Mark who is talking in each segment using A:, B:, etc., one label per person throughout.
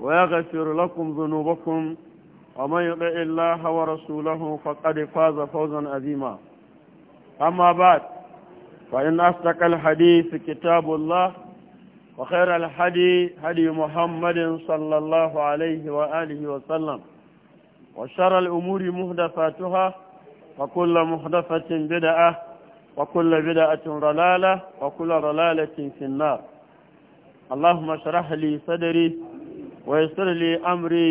A: ويغفر لكم ذنوبكم ومن يطع الله ورسوله فقد فاز فوزا عظيما أما بعد فإن أصدق الحديث كتاب الله وخير الحدي هدي محمد صلى الله عليه وآله وسلم وشر الأمور مهدفاتها وكل مهدفة بدعة وكل بدعة ضلالة وكل ضلالة في النار اللهم اشرح لي صدري ويسر لي أمري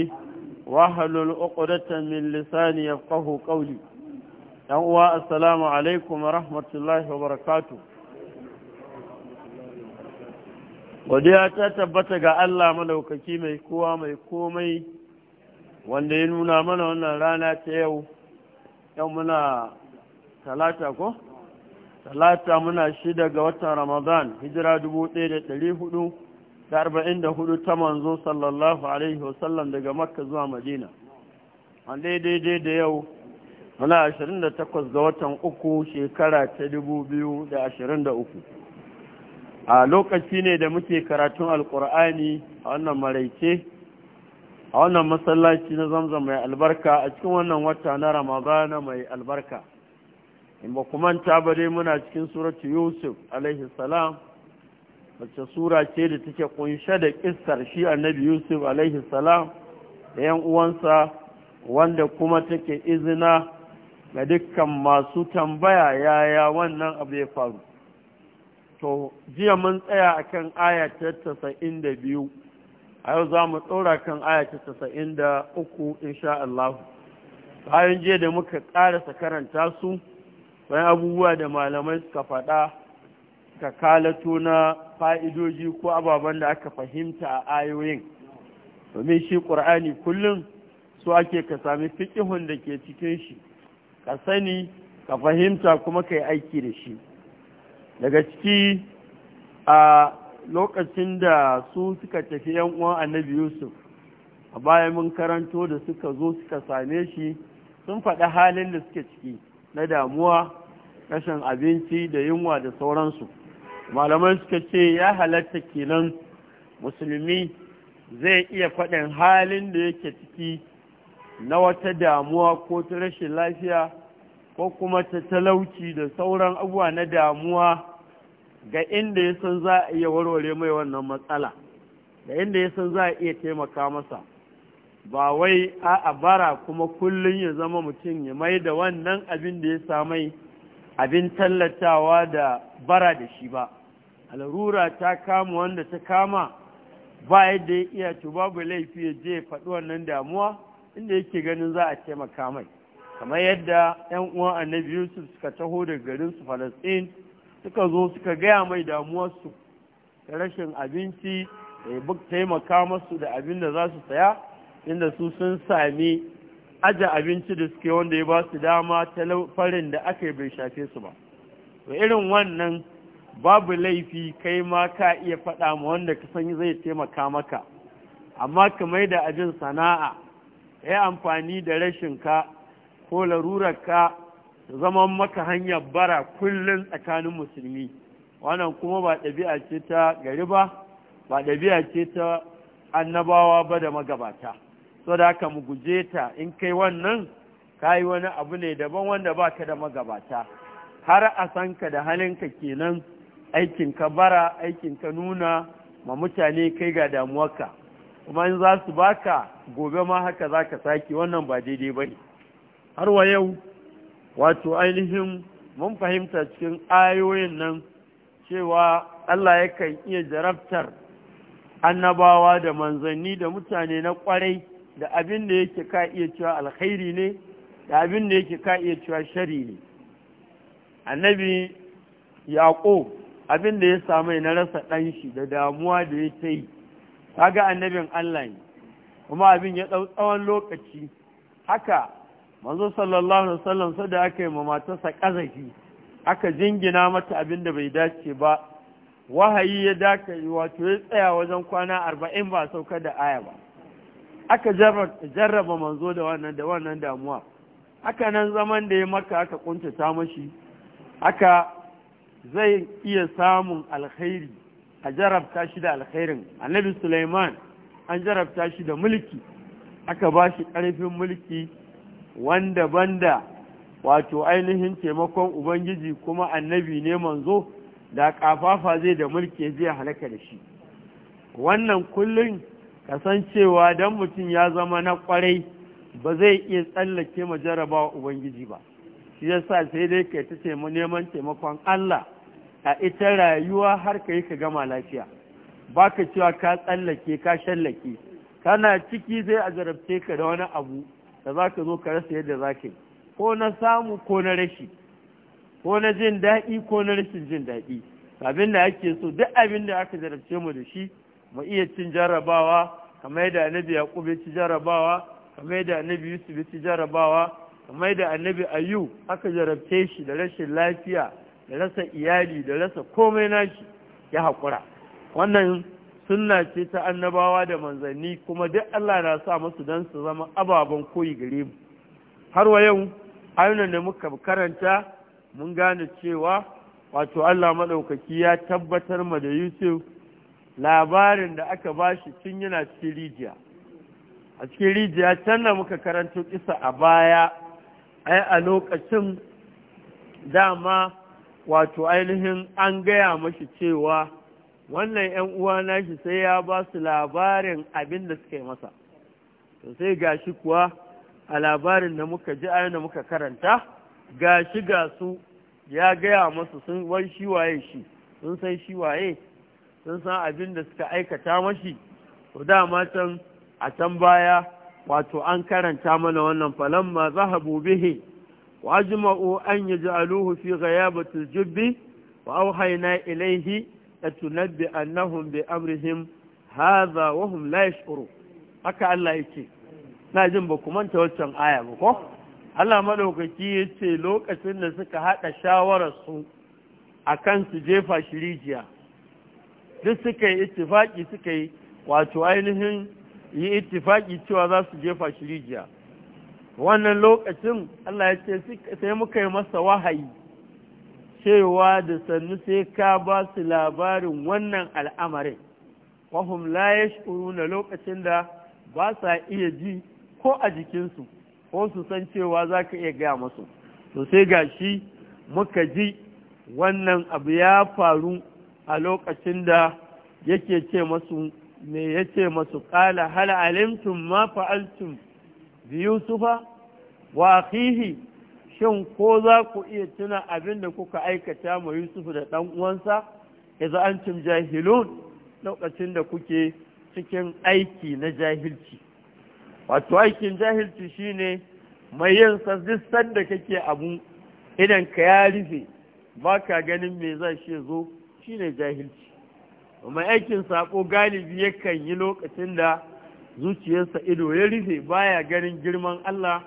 A: واحلل عقدة من لساني يفقه قولي يوم السلام عليكم ورحمة الله وبركاته godiya ta tabbata ga Allah madaukaki mai kowa mai komai wanda ya nuna mana wannan rana ta yau yau muna talata ko? talata muna shida ga watan ramadan hijira dubu ɗaya da ɗari hudu ta arba'in da hudu ta manzo sallallahu alaihi wasallam daga makka zuwa madina a daidai da yau muna ashirin da takwas ga watan uku shekara ta dubu biyu da ashirin da uku a lokaci ne da muke karatun alkur'ani a wannan maraice a wannan masallaci na zamzam mai albarka a cikin wannan wata na ramadana mai albarka in ba ku manta ba dai muna cikin suratu yusuf alaihi salam wacce sura ce da take kunshe da kissar shi annabi yusuf alaihi salam da yan uwansa wanda kuma take izina ga dukkan masu tambaya yaya wannan abu ya faru to jiya mun tsaya akan aya ta 92 a yau za mu tsora kan aya ta 93 insha Allah bayan jiya da muka karanta su bayan abubuwa da malamai suka faɗa ka kalato na fa'idoji ko ababen da aka fahimta a ayoyin domin shi ƙur'ani kullum su ake ka sami fiƙihun da ke cikin shi ka sani ka fahimta kuma ka yi aiki da shi daga ciki a lokacin da su suka tafi yan uwan annabi yusuf a bayan mun karanto da suka zo suka same shi sun faɗi halin da suke ciki na damuwa rashin abinci da yunwa da sauransu malaman suka ce ya halatta kenan musulmi zai iya faɗin halin da yake ciki na wata damuwa ko ta rashin lafiya ko kuma ta talauci da sauran abuwa na damuwa ga inda ya san za a iya warware mai wannan matsala da inda ya san za a iya taimaka masa ba wai a bara kuma kullum ya zama mutum ya mai da wannan abin da ya samai abin tallatawa da bara da shi ba alrura ta kama wanda ta kama ba yadda ya iya to babu laifi ya je faɗi wannan damuwa inda yake ganin za a taimaka mai kamar yadda 'yan uwan annabi yusuf suka taho da garin su falasɗin suka zo suka gaya mai damuwarsu da rashin abinci da taimaka masu da abin da za su saya inda su sun sami aje abinci da suke wanda ya ba su dama farin da aka yi bai shafe su ba to irin wannan babu laifi kai ma ka iya faɗa ma wanda ka san zai taimaka maka amma ka mai da abin sana'a ya yi amfani da rashin rashinka ko larurar ka zaman maka hanyar bara kullum tsakanin musulmi wannan kuma ba ɗabi'a ce ta gari ba ba ɗabi'a ce ta annabawa ba da magabata so da mu guje ta in kai wannan ka yi wani abu ne daban wanda ba ka da magabata har a san ka da halinka kenan aikin ka bara aikin ka nuna ma mutane kai ga damuwarka kuma in za su baka gobe ma haka za ka sake wannan ba daidai ba ne har wa yau wato ainihin mun fahimta cikin ayoyin nan cewa Allah yakan iya jarabtar annabawa da manzanni da mutane na kwarai da abin da yake ka iya cewa alkhairi ne da abin da yake ka iya cewa shari ne annabi yaƙo abin da ya samu na rasa ɗan shi da damuwa da ya ta yi kaga annabin Allah ne kuma abin ya ɗau tsawon lokaci haka manzo sallallahu alaihi wasallam sada aka yi matarsa ƙazafi aka jingina mata abin da bai dace ba wahayi ya daka wato ya tsaya wajen kwana arba'in ba sauka da aya ba aka jarraba manzo da wannan da wannan damuwa haka nan zaman da ya maka aka kuntata mashi aka zai iya samun alkhairi a jarabta shi da alkhairin annabi Sulaiman an jarabta shi da mulki aka ba shi ƙarfin mulki wanda banda wato ainihin taimakon ubangiji kuma annabi ne manzo da kafafa zai da mulki zai halaka da shi wannan kullum kasancewa don mutum ya zama na kwarai ba zai iya tsallake ma jarabawa ubangiji ba shi ya sa sai dai kai ta neman taimakon Allah a ita rayuwa har ka yi ka gama lafiya ba ka cewa ka tsallake ka shallake kana ciki zai a jarabce ka da wani abu da za ka zo ka rasa yadda za ka yi ko na samu ko na rashi ko na jin daɗi ko na rashin jin daɗi abin da ake so duk abin da aka jarabce mu da shi mu iya cin jarrabawa kamar yadda annabi yaqub ya ci jarrabawa kamar yadda annabi yusuf ya ci jarrabawa kamar da annabi ayu aka jarabce shi da rashin lafiya da rasa iyali da rasa komai nashi ya haƙura wannan sunna ce ta annabawa da manzanni kuma duk Allah na sa musu don su zama ababen koyi gare mu har wa yau ayunan da muka karanta mun gane cewa wato Allah maɗaukaki ya tabbatar ma da Yusuf labarin da aka bashi tun yana cikin rijiya a cikin rijiya can da muka karanto kisa a baya ai a lokacin dama wato ainihin an gaya mashi cewa wannan ‘yan uwa shi sai ya ba su labarin abin da suka yi masa to sai gashi kuwa a labarin da muka ji a da muka karanta gashi ga su ya gaya masu sun wai shi waye shi sun san shi waye sun san abin da suka aikata mashi to da matan a can baya wato an karanta mana wannan falamma zahabu bihi wa ajma'u an aluhu fi ghayabati batu jubbi wa awhayna ilayhi atunabbi annahum bi amrihim hadha wa la shuru. haka Allah yake na jin ba ku manta waccan aya ba ko Allah ya ce lokacin da suka haɗa shawararsu a kan su jefa shirijiya duk suka yi ittifaki suka yi wato ainihin yi ittifaki cewa za su jefa shi rijiya wannan lokacin Allah ya ce sai muka yi masa wahayi cewa da sannu sai ka ba su labarin wannan al'amarin wahum la na lokacin da ba sa iya ji ko a jikinsu ko su san cewa za ka iya gaya masu to sai ga shi muka ji wannan abu ya faru a lokacin da yake ce masu me yace masu qala hal alimtum ma fa'altum bi yusufa wa akhihi shin ko za ku iya tuna abin da kuka aikata ma yusuf da dan uwansa idza antum jahilun lokacin da kuke cikin aiki na jahilci wato aikin jahilci shine mai yin sassan da kake abu idan ka ya rufe ba ganin me zai shi zo shine jahilci mai aikin sako galibi yakan yi lokacin da zuciyarsa ido ya rufe baya ganin girman Allah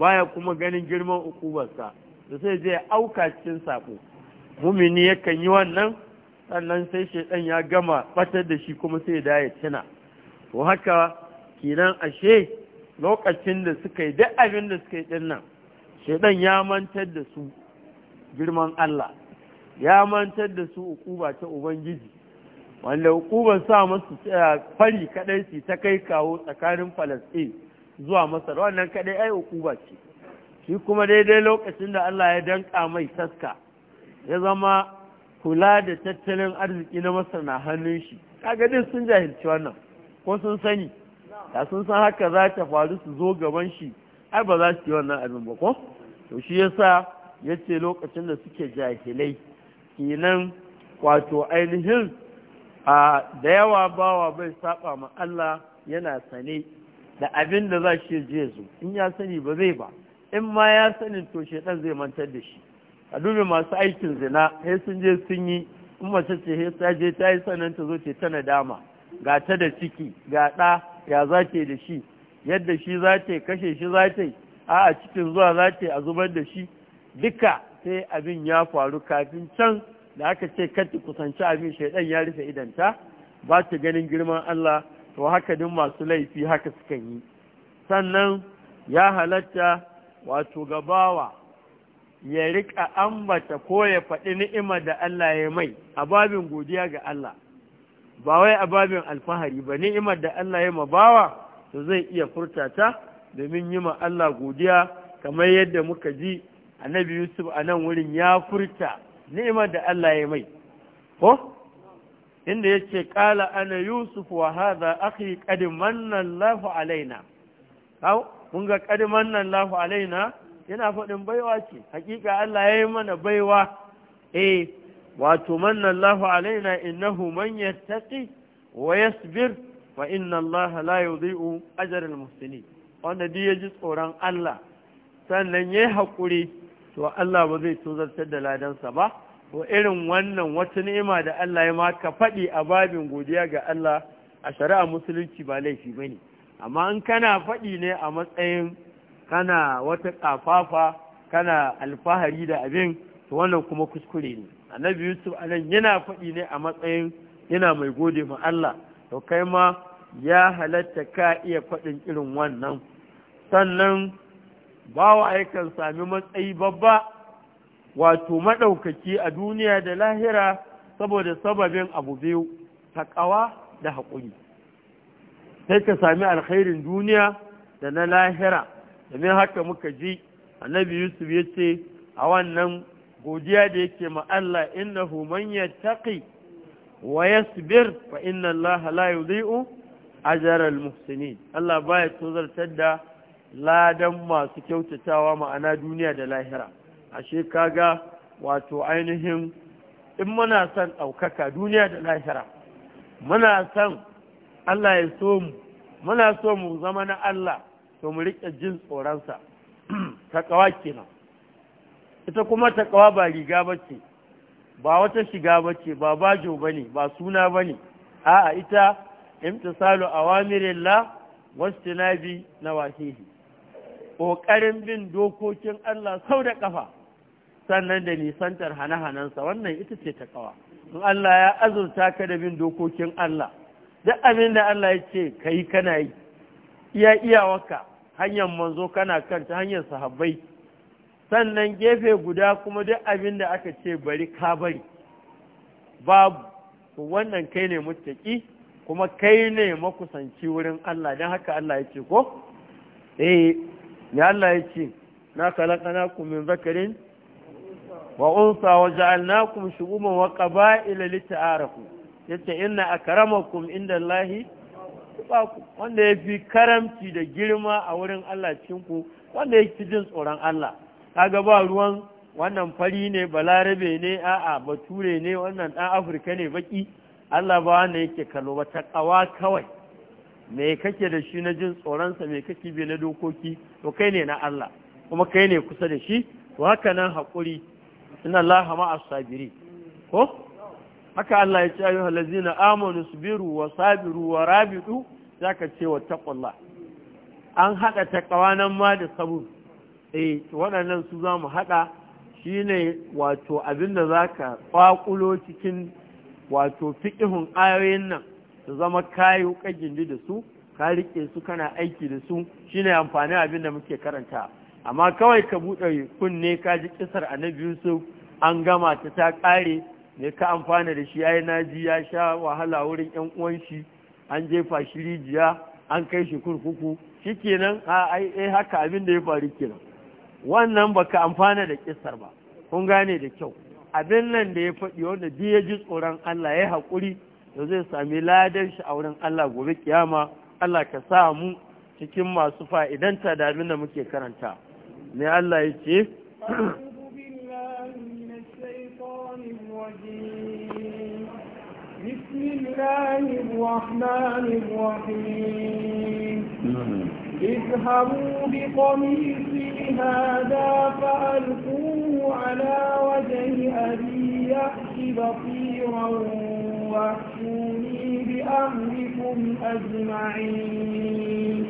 A: baya kuma ganin girman ukubarsa da sai je auka cikin sako mumini yakan yi wannan sannan sai shaidan ya gama batar da shi kuma sai da ya tuna to haka kenan ashe lokacin da suka yi duk abin da suka yi dinnan shaidan ya mantar da su girman Allah ya mantar da su ukuba ta ubangiji wanda hukumar sa masu eh, fari kaɗai su ta kai kawo tsakanin falastin zuwa masar wannan kaɗai ai hukuma ce shi kuma daidai lokacin da allah ya danka mai taska ya zama kula da tattalin arziki na masar na hannun shi kagadin sun jahilci wannan ko sun sani da sun san haka za ta faru su zo gaban shi ai ba za su yi wannan abin ba ko to shi yasa ya ce lokacin da suke jahilai kenan wato ainihin a da yawa bawa bai saba ma Allah yana sane da abin da za shi je zo in ya sani ba zai ba in ma ya sanin to shedan zai mantar da shi a dubi masu aikin zina sai sun je sun yi in mace ce sai ta je ta yi sanin ta zo ce ta nadama ga ta da ciki ga ɗa ya za da shi yadda shi za ta kashe shi za ta a a cikin zuwa za ta a zubar da shi duka sai abin ya faru kafin can da aka ce kar kusanci abin shaidan ya rufe idanta ba ta ganin girman Allah to haka din masu laifi haka suka yi sannan ya halatta wato gabawa ya riƙa ambata ko ya faɗi ni'ima da Allah ya mai a babin godiya ga Allah ba wai a babin alfahari ba ni'imar da Allah ya mabawa to zai iya furta ta domin yi ma Allah godiya kamar yadda muka ji annabi Yusuf a nan wurin ya furta ni'imar da Allah ya mai ko inda yace ƙala ana yusuf wa hadha akhi qad nan Allahu alaina au kun ga qad nan Allahu alaina yana faɗin baiwa ce hakika Allah ya yi mana baiwa eh wato nan Allahu alaina innahu man yattaqi wa yasbir wa inna Allah la yudhi'u ajra al-muhsinin wanda duk ya ji tsoron Allah sannan yayi hakuri to Allah ba zai tozartar da ladansa ba to irin wannan wata ni'ima da Allah ya ma ka faɗi a babin godiya ga Allah a shari'a musulunci ba laifi ba ne? amma in kana faɗi ne a matsayin kana wata ƙafafa kana alfahari da abin to wannan kuma kuskure ne annabi Yusuf anan yana faɗi ne a matsayin yana mai gode ma Allah to kai ma ya halatta ka iya faɗin irin wannan sannan Ba wa aikan sami matsayi babba wato maɗaukaki a duniya da lahira saboda sababin abu biyu takawa da haƙuri sai ka sami alkhairin duniya da na lahira domin haka muka ji annabi yusuf ya ce a wannan godiya da yake ma Allah innahu man yattaqi wa yasbir fa inna Allah la yudhi'u ajra al-muhsinin Allah baya tozartar da ladan masu kyautatawa ma'ana duniya da lahira ashe kaga wato ainihin in muna son ɗaukaka duniya da lahira muna son Allah ya so mu muna so mu zama na Allah to mu riƙe jin tsoronsa takawa kenan ita kuma takawa ba riga ba ce ba wata shiga ba ba bajo ba ne ba suna ba ne a'a ita imtisalu awamirillah na nawahihi ƙoƙarin bin dokokin Allah sau da ƙafa sannan da nisantar hane-hanensa wannan ita ce ta ƙawa in Allah ya azurta ka da bin dokokin Allah duk abin da Allah ya ce ka yi kana yi iya iyawarka hanyar manzo kana ta hanyar sahabbai sannan gefe guda kuma duk abin da aka ce bari ka bari babu wannan kai ne mutaki kuma kai ne makusanci wurin Allah don haka Allah ya ce ko eh ya Allah ya ce na ku min zakarin wa unsa wa ja'alnakum shu'uban wa qaba'ila lita'arafu yace inna akramakum indallahi ku wanda ya fi karamci da girma a wurin Allah cikin ku wanda ya fi jin tsoron Allah kaga ba ruwan wannan fari ne balarabe ne a'a bature ne wannan dan afirka ne baki Allah ba wanda yake kallo ba kawai me kake da shi na jin tsoronsa me kake bi na dokoki to kai ne na Allah kuma kai ne kusa da shi to haka nan haƙuri inna Allah ma as ko haka Allah ya ce ayu ladzina amanu subiru wa sabiru wa za zaka ce wa taqullah an haɗa ta kawanan ma da sabu eh waɗannan su zamu hada shine wato abinda zaka kwakulo cikin wato fiƙihun ayoyin nan su zama kayi wuƙar gindi da su ka riƙe su kana aiki da su shine amfanin abin da muke karanta amma kawai ka buɗe kunne ka ji kisar annabi yusuf an gama ta ta ƙare ne ka amfana da shi Ya yi naji ya sha wahala wurin yan uwan shi an jefa shi rijiya an kai shi kurkuku shi shikenan a ai eh, haka abin da ya faru kenan wannan baka amfana da kisar ba kun gane da kyau abin nan da ya faɗi wanda duk ya ji tsoron Allah ya yi haƙuri da zai sami ladan shi a wurin Allah gobe kiyama Allah ka sa mu cikin masu fa'idanta da abin da muke karanta ne Allah ya ce
B: بسم الله الرحمن الرحيم اذهبوا بقميصي هذا فألقوه على وجه أبي يأت بصيرا وأتوني بأمركم أجمعين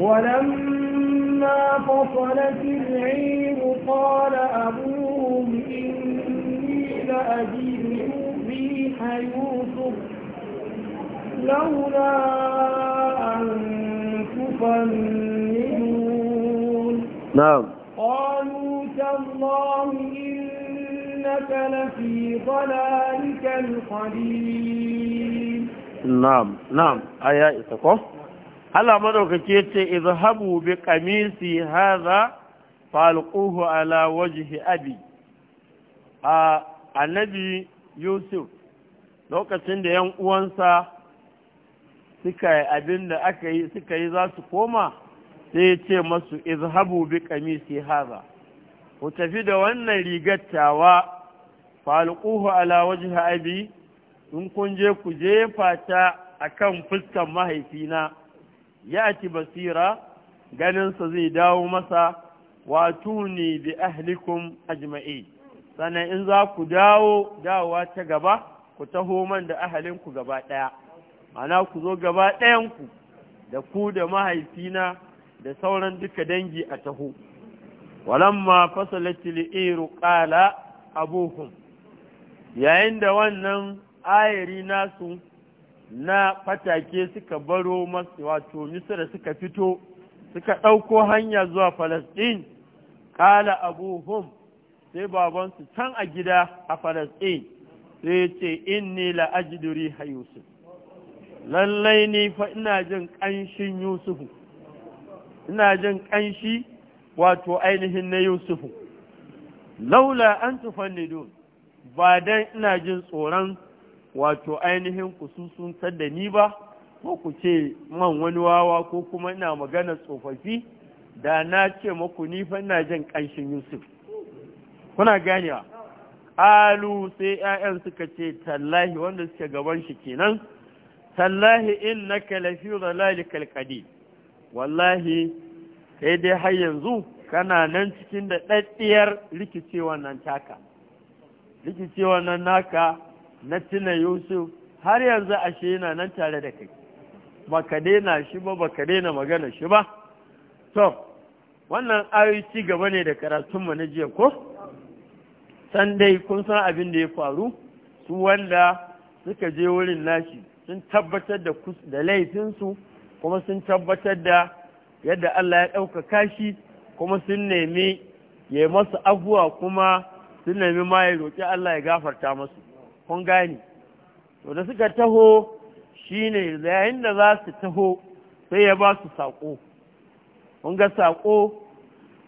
B: ولما فصلت العير قال أبوهم إني لأجيب ريح يوسف لولا أن تفندون
A: نعم قالوا
B: تالله إن إنك لفي ضلالك القديم
A: نعم نعم آية إتقو هلا مدوك كيتي اذهبوا بقميصي هذا على وجه أبي النبي يوسف lokacin da ‘yan uwansa suka yi abin da aka yi suka yi za su koma sai ya ce masu izhabu bi kamisi haza ku tafi da wannan rigattawa falquhu ala wajhi abi in kun je ku jefa ta akan fuskan mahaifina ya'ti basira ganin ganinsa zai dawo masa wato ne bi ahlikum ajma'i sannan in za ku dawo dawowa ta gaba ku taho man da ahalinku gaba ɗaya mana ku zo gaba ku da ku da mahaifina da sauran duka dangi a taho walamma fasalati li'iru qala abuhum yayin da wannan ayari nasu na fatake suka baro masu wato misira suka fito suka ɗauko hanya zuwa falasɗin ƙala abu hum sai babansu can a gida a falasɗin sai ce inni la'ajiduri ha yusuf lallai ne fa ina jin ƙanshin yusufu ina jin ƙanshi wato ainihin na yusufu laula an tufanni don ba dan ina jin tsoron wato ainihin kususun da ni ba ko ku ce man wani wawa ko kuma ina magana tsofaffi da na ce maku ni fa ina jin ƙanshin Yusuf kuna ganewa alu sai 'ya'yan suka ce tallahi wanda suke gaban shi kenan tallahi innaka lafi dhalalikal qadim wallahi sai dai har yanzu kana nan cikin da daddiyar rikicewa nan taka rikicewa na naka na tuna yusuf har yanzu ashe yana nan tare da kai baka daina shi ba baka daina magana shi ba to wannan ayoyi ci gaba ne da mu na jiya ko san dai kun san abin da ya faru su wanda suka je wurin nashi sun tabbatar da da laifinsu kuma sun tabbatar da yadda Allah ya ɗaukaka shi kuma sun nemi ya masu abuwa kuma sun nemi ma ya roƙi Allah ya gafarta masu kun gani to da suka taho shine yayin da za su taho sai ya ba su saƙo kun ga saƙo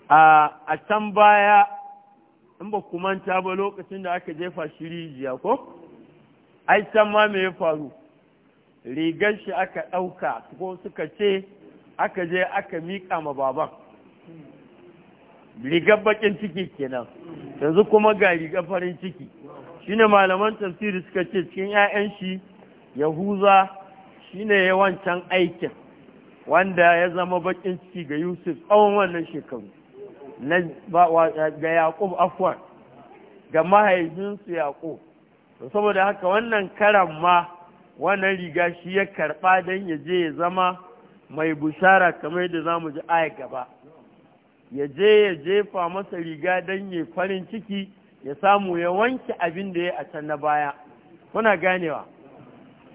A: a can baya in ba ku manta ba lokacin da aka jefa shi rijiya ko ai can ma me ya faru rigar shi aka ɗauka ko suka ce aka je aka miƙa ma baban rigar bakin ciki kenan yanzu kuma ga rigar farin ciki shine malaman tafsiri suka ce cikin 'ya'yan shi yahuza shine yawancan aikin wanda ya zama bakin ciki ga yusuf tsawon wannan shekaru ga yaƙub afwan ga mahaifinsu yaƙub saboda haka wannan karan ma wannan riga shi ya karɓa don ya je ya zama mai bushara kamar yadda za mu ji aya gaba ya je ya jefa masa riga don ya farin ciki ya samu ya wanke abin da ya a can na baya kuna ganewa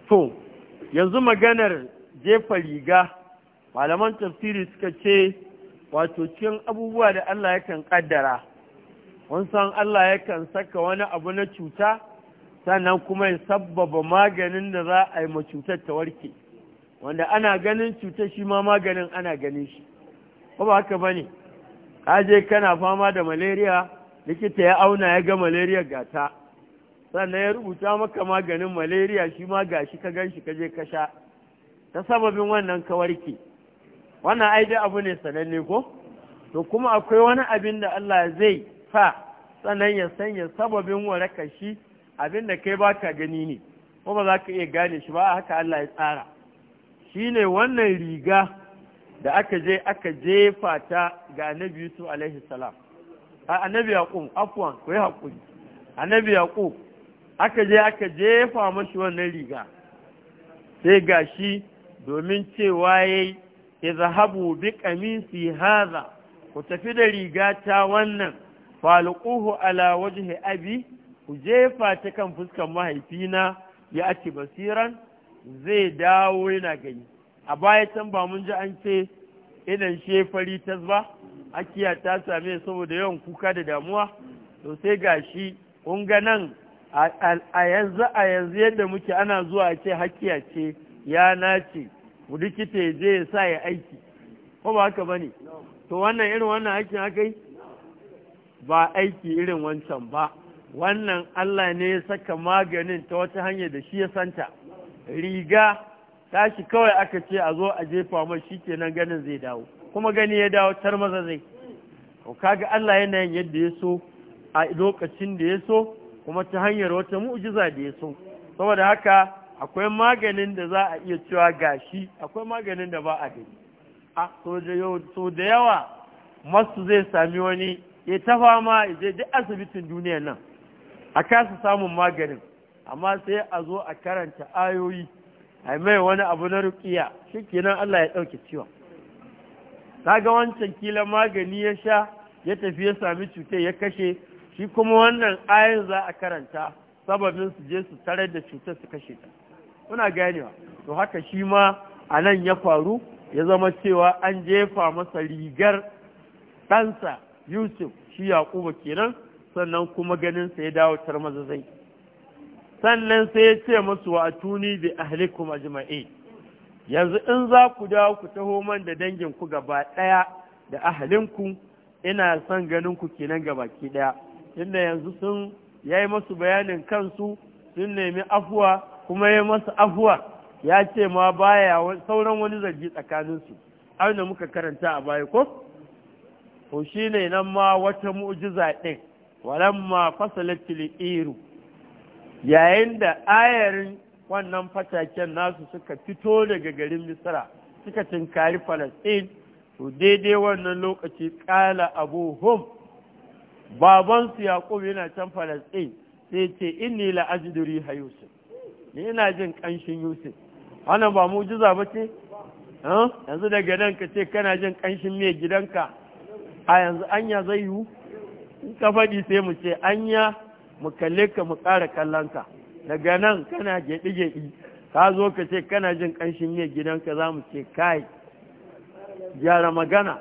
A: to yanzu maganar jefa riga malaman tafsiri suka ce wato cikin abubuwa da Allah yakan kaddara san Allah yakan saka wani abu na cuta sannan kuma ya sabbaba maganin da za a yi ma cutar ta warke wanda ana ganin cutar shi ma maganin ana ganin shi ba haka ba ne aje kana fama da malaria likita ya auna ya ga malaria gata sannan ya rubuta maka maganin malaria shi ma gashi ka gan shi ka je ka sha ta sababin wannan ka warke wannan ai dai abu ne sananne ko to kuma akwai wani abin da Allah zai sa sannan ya sanya sababin warakar shi abin da kai baka gani ne ko ba za ka iya gane shi ba haka Allah ya tsara Shi ne wannan riga da aka je aka jefa ta ga annabi yusuf alaihi salam a annabi yaqub afwan ku yi hakuri annabi yaqub aka je aka jefa mashi wannan riga sai gashi domin cewa yayi izhabu bi qamisi hadha ku tafi da riga ta wannan falquhu ala wajhi abi ku jefa ta kan fuskar mahaifina ya ati basiran zai dawo yana gani a baya can ba mun ji an ce idan shefari ta ba akiya ta same saboda yawan kuka da damuwa to sai gashi kun ga nan a yanzu a yanzu yadda muke ana zuwa a ce hakiya ce ya nace likita ya je ya sa ya aiki ko ba haka bane to wannan irin wannan aikin haka yi ba aiki irin wancan ba wannan Allah ne ya saka maganin ta wata hanya da shi ya santa riga tashi kawai aka ce a zo a jefa mai shi kenan ganin zai dawo kuma gani ya dawo tar maza zai to kaga Allah yana yin yadda ya so a lokacin da ya so kuma ta hanyar wata mu'jiza da ya so saboda haka akwai maganin da za a iya cewa gashi akwai maganin da ba a gani a so da yawa masu zai sami wani ya ta fama ya je duk asibitin duniya nan a kasa samun maganin amma sai a zo a karanta ayoyi a mai wani abu na rukiya shi kenan Allah ya ɗauke ciwon ga wancan kila magani ya sha ya tafi ya sami cutar ya kashe shi kuma wannan ayin za a karanta sababin su je su tarar da cutar su kashe ta kuna ganewa to haka shi ma a nan ya faru ya zama cewa an jefa masa rigar ɗansa yusuf shi yaƙuba kenan sannan kuma ganinsa ya dawo tarmazazai sannan sai ya ce musu wa atuni bi ahlikum ajma'in yanzu in za ku dawo ku taho man da dangin ku gaba daya da ahlinku ina son ganin ku kenan gaba ki daya inda yanzu sun yayi musu bayanin kansu sun nemi afuwa kuma yayi musu afuwa ya ce ma baya sauran wani zargi tsakaninsu abinda muka karanta a baya ko to shine nan ma wata mu'jiza din walamma fasalatil iru yayin da ayarin wannan fataken nasu suka fito daga garin misra suka tinkari falastin to daidai wannan lokaci ƙala abu hum babansu yaqub yana can falastin sai ce inni la'ajiduri ha yusuf ni ina jin ƙanshin yusuf wannan ba mujiza ba ce yanzu daga nan ka ce kana jin ƙanshin mai gidanka a yanzu anya zai yiwu in ka faɗi sai mu ce anya mu kalle ka mu ƙara kallon ka daga nan kana geɗi-geɗi ka zo ka ce kana jin ƙanshin mai gidanka za mu ce kai gyara magana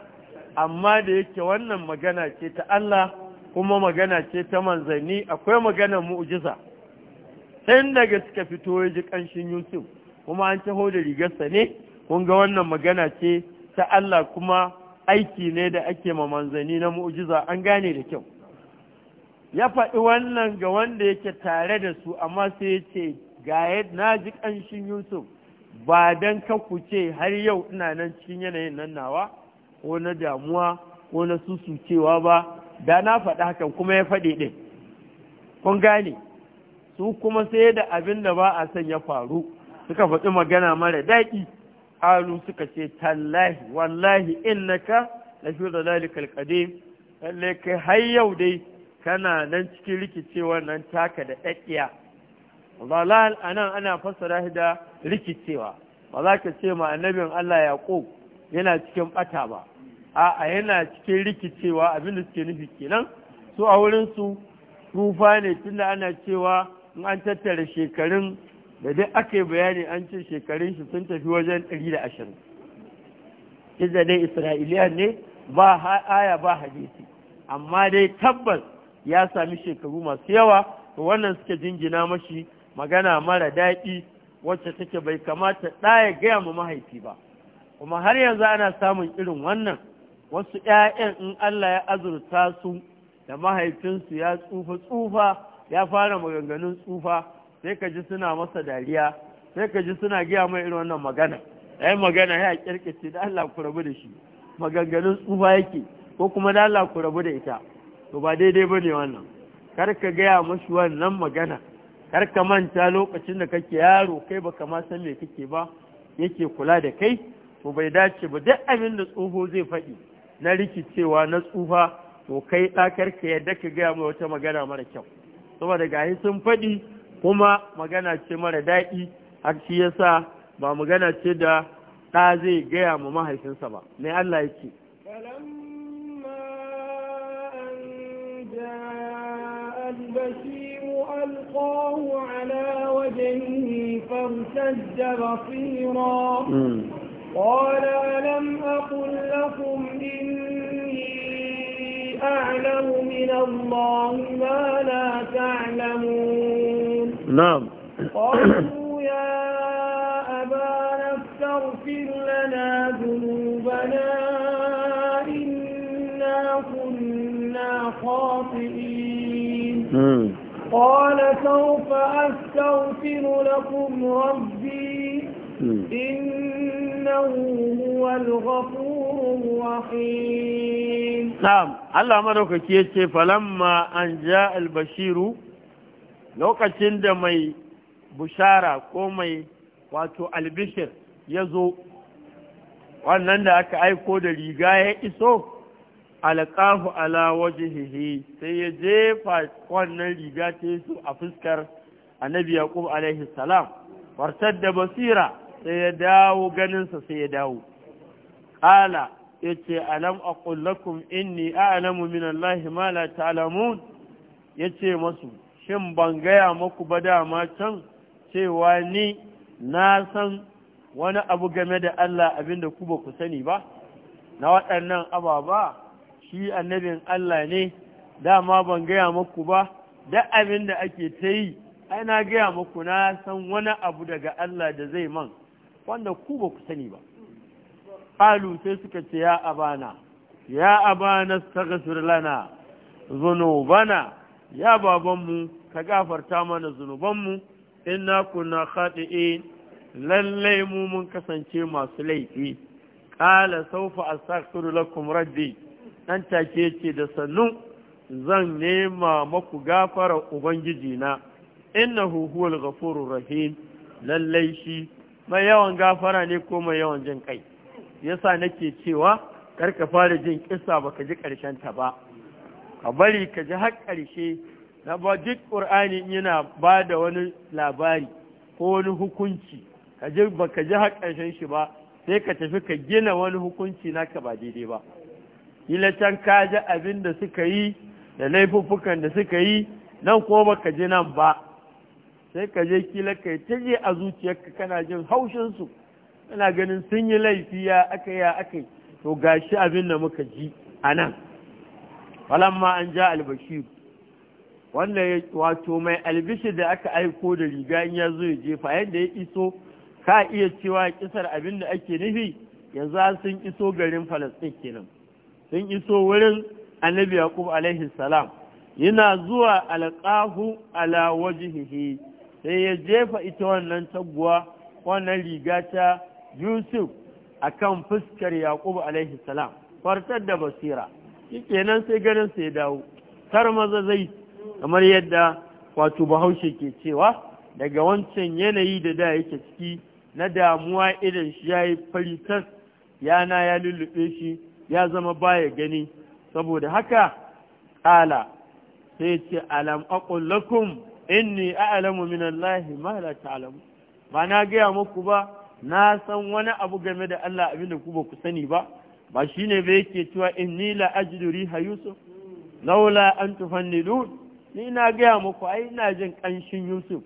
A: amma da yake wannan magana ce ta Allah kuma magana ce ta manzanni akwai maganar mu'ujiza sai daga suka fito ya ji ƙanshin Yusuf kuma an taho da rigarsa ne kun ga wannan magana ce ta Allah kuma aiki ne da ake ma manzanni na mu'ujiza an gane da kyau ya faɗi wannan ga wanda yake tare da su amma sai ya ce ga na ji ƙanshin yusuf ba don ku ce har yau ina nan cikin yanayin nan nawa ko na damuwa ko na susucewa ba da na faɗi hakan kuma ya faɗi ɗin kun gane su kuma sai da abin da ba a son ya faru suka faɗi magana mara daɗi alu suka ce tallahi wallahi innaka lafi da lalikal kadim lallai kai har yau dai kana nan cikin rikicewar nan taka da ɗaɗɗiya zalal a nan ana fassara da rikicewa ba za ka ce ma annabin Allah yaƙo yana cikin ɓata ba a'a yana cikin rikicewa abin da suke nufi kenan su a wurinsu rufa ne tunda ana cewa in an tattara shekarun da duk aka yi bayani an ce shekarun shi sun tafi wajen ɗari da ashirin dai isra'iliya ne ba aya ba hadisi amma dai tabbas ya sami shekaru masu yawa to wannan suke jingina mashi magana mara daɗi wacce take bai kamata ɗaya gaya ma mahaifi ba kuma har yanzu ana samun irin wannan wasu ‘ya'yan in Allah ya azurta su da mahaifinsu ya tsufa tsufa ya fara maganganun tsufa sai ka ji suna masa dariya sai ka ji suna gaya mai irin wannan magana ya yi magana ya kirkice da Allah ku rabu da shi maganganun tsufa yake ko kuma da Allah ku rabu da ita to ba daidai ba ne wannan kar ka gaya musu wannan magana kar ka manta lokacin da kake yaro kai baka ma san me kake ba yake kula da kai to bai dace ba duk abin da tsoho zai faɗi na rikicewa na tsufa to kai ɗakar ka yadda ka gaya mai wata magana mara kyau saboda gahi sun faɗi kuma magana ce mara daɗi har shi yasa ba magana ce da ɗa zai gaya ma mahaifinsa ba mai Allah yake
B: جاء البشير ألقاه على وجهه فارتد بصيرا قال ألم أقل لكم إني أعلم من الله ما لا تعلمون نعم قالوا يا أبانا استغفر لنا ذنوبنا خاطئين قال سوف أستغفر لكم ربي إنه هو الغفور الرحيم
A: نعم الله مدوك كيتي فلما أن جاء البشير لو كتند مي بشارة قومي واتو البشر يزو wannan da aka aiko da riga ya iso alƙahu ala wajhihi sai ya jefa wannan riga ta su a fuskar annabi yaqub alaihi salam fartar da basira sai ya dawo ganinsa sai ya dawo ƙala ya ce alam aqul lakum inni a'lamu min allahi ma la ta'lamun ya ce masu shin ban gaya muku ba dama can cewa ni na san wani abu game da Allah abinda ku ba ku sani ba na waɗannan ababa shi annabin Allah ne dama ban gaya muku ba da abin da ake ta yi ai gaya muku na san wani abu daga Allah da zai man wanda ku ba ku sani ba qalu sai suka ce ya abana ya abana astaghfir lana zunubana ya babanmu ka gafarta mana zunubanmu inna kunna khati'in lallai mu mun kasance masu laifi qala saufa a lakum rabbi nan take ce da sannu zan nema maku gafara ubangiji na innahu huwal ghafurur rahim lallai shi mai yawan gafara ne ko mai yawan jin kai yasa nake cewa karka fara jin kissa baka ji karshen ta ba ka bari ka ji har karshe na ba duk qur'ani yana ba da wani labari ko wani hukunci ka ji baka ji har karshen shi ba sai ka tafi ka gina wani hukunci naka ba daidai ba kila can ka ji abin da suka yi da laifuffukan da suka yi nan ko ba ka ji nan ba sai ka je kila kai ta je a zuciyarka kana jin haushinsu kana ganin sun yi laifi ya aka ya aka to gashi abin da muka ji a nan falamma an ja albashir wanda ya wato mai albishir da aka aiko da riga in ya zo ya jefa yadda ya iso ka iya cewa kisar abin da ake nufi yanzu sun iso garin falastin kenan sun iso wurin annabi yaqub alaihi salam yana zuwa alqahu ala wajhihi sai ya jefa ita wannan taguwa wannan rigata Yusuf yusuf akan fuskar yaqub alaihi salam fartar da basira kenan sai ganin sai dawo kar maza zai kamar yadda wato bahaushe ke cewa daga wancan yanayi da da yake ciki na damuwa irin shi ya yi yana ya lullube shi ya zama baya gani saboda haka ƙala sai ce alam aqul lakum inni a'lamu min Allah ma la ta'lamu ba na gaya muku ba na san wani abu game da Allah abinda ku ba ku sani ba ba shine ba yake cewa inni la ajidu riha yusuf laula an tufannidun ni na gaya muku ai ina jin kanshin yusuf